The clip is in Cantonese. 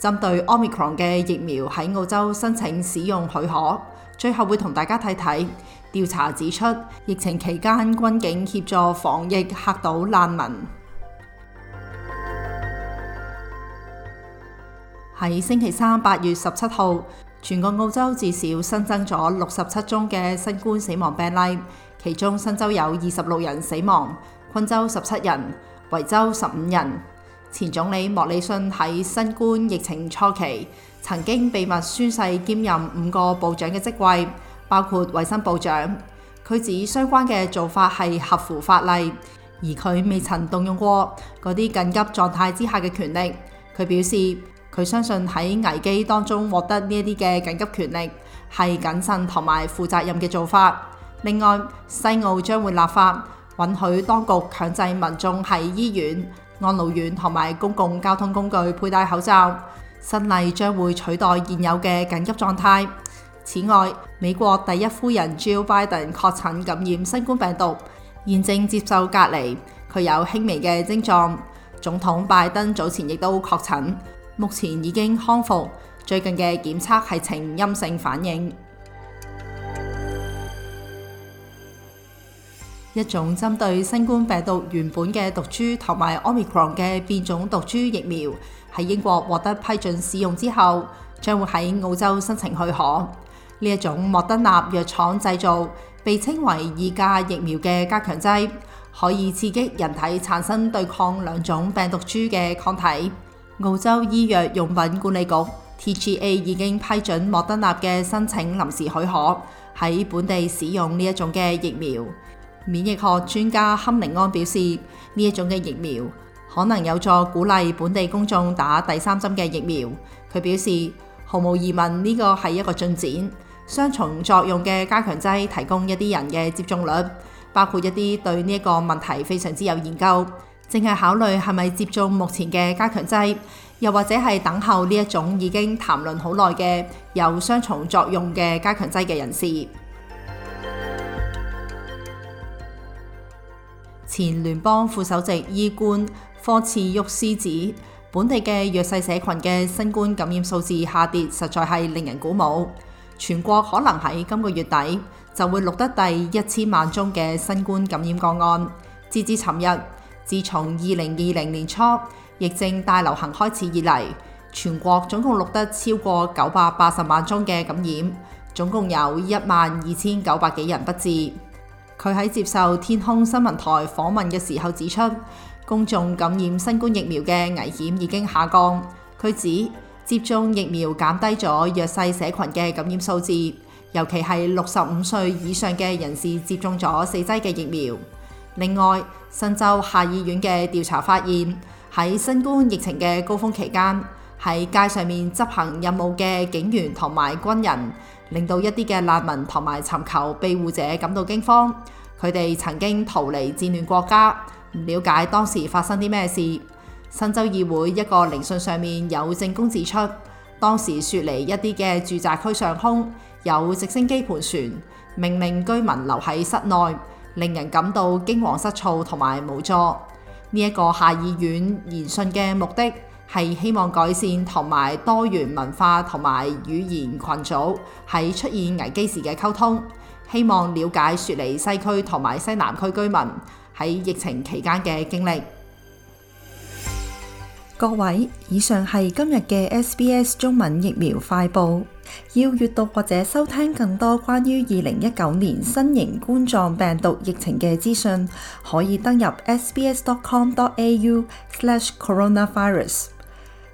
針對 Omicron 嘅疫苗喺澳洲申請使用許可，最後會同大家睇睇調查指出，疫情期間軍警協助防疫嚇到難民。喺 星期三八月十七號，全國澳洲至少新增咗六十七宗嘅新冠死亡病例，其中新州有二十六人死亡，昆州十七人，維州十五人。前總理莫里遜喺新冠疫情初期，曾經秘密宣誓兼任五個部長嘅職位，包括衞生部長。佢指相關嘅做法係合乎法例，而佢未曾動用過嗰啲緊急狀態之下嘅權力。佢表示，佢相信喺危機當中獲得呢一啲嘅緊急權力係謹慎同埋負責任嘅做法。另外，西澳將會立法，允許當局強制民眾喺醫院、安老院同埋公共交通工具佩戴口罩，新例將會取代現有嘅緊急狀態。此外，美國第一夫人 Jill Biden 確診感染新冠病毒，現正接受隔離，佢有輕微嘅徵狀。總統拜登早前亦都確診，目前已經康復，最近嘅檢測係呈陰性反應。一種針對新冠病毒原本嘅毒株同埋 Omicron 嘅變種毒株疫苗，喺英國獲得批准使用之後，將會喺澳洲申請許可。呢一種莫德納藥,藥廠製造、被稱為二價疫苗嘅加強劑，可以刺激人體產生對抗兩種病毒株嘅抗體。澳洲醫藥用品管理局 （TGA） 已經批准莫德納嘅申請臨時許可，喺本地使用呢一種嘅疫苗。免疫學專家坎寧安表示，呢一種嘅疫苗可能有助鼓勵本地公眾打第三針嘅疫苗。佢表示毫無疑問呢個係一個進展，雙重作用嘅加強劑提供一啲人嘅接種率，包括一啲對呢一個問題非常之有研究，淨係考慮係咪接種目前嘅加強劑，又或者係等候呢一種已經談論好耐嘅有雙重作用嘅加強劑嘅人士。前聯邦副首席醫官科茨沃斯指，本地嘅弱勢社群嘅新冠感染數字下跌，實在係令人鼓舞。全國可能喺今個月底就會錄得第一千萬宗嘅新冠感染個案。截至尋日，自從二零二零年初疫症大流行開始以嚟，全國總共錄得超過九百八十萬宗嘅感染，總共有一萬二千九百幾人不治。佢喺接受天空新聞台訪問嘅時候指出，公眾感染新冠疫苗嘅危險已經下降。佢指接種疫苗減低咗弱勢社群嘅感染數字，尤其係六十五歲以上嘅人士接種咗四劑嘅疫苗。另外，新州下議院嘅調查發現，喺新冠疫情嘅高峰期間，喺街上面執行任務嘅警員同埋軍人，令到一啲嘅難民同埋尋求庇護者感到驚慌。佢哋曾經逃離戰亂國家，唔了解當時發生啲咩事。新州議會一個聆訊上面有證供指出，當時雪梨一啲嘅住宅區上空有直升機盤旋，命令居民留喺室內，令人感到驚惶失措同埋無助。呢、這、一個下議院言訊嘅目的，係希望改善同埋多元文化同埋語言群組喺出現危機時嘅溝通，希望了解雪梨西區同埋西南區居民喺疫情期間嘅經歷。各位，以上係今日嘅 SBS 中文疫苗快報。要閱讀或者收聽更多關於二零一九年新型冠狀病毒疫情嘅資訊，可以登入 sbs dot com dot au slash coronavirus。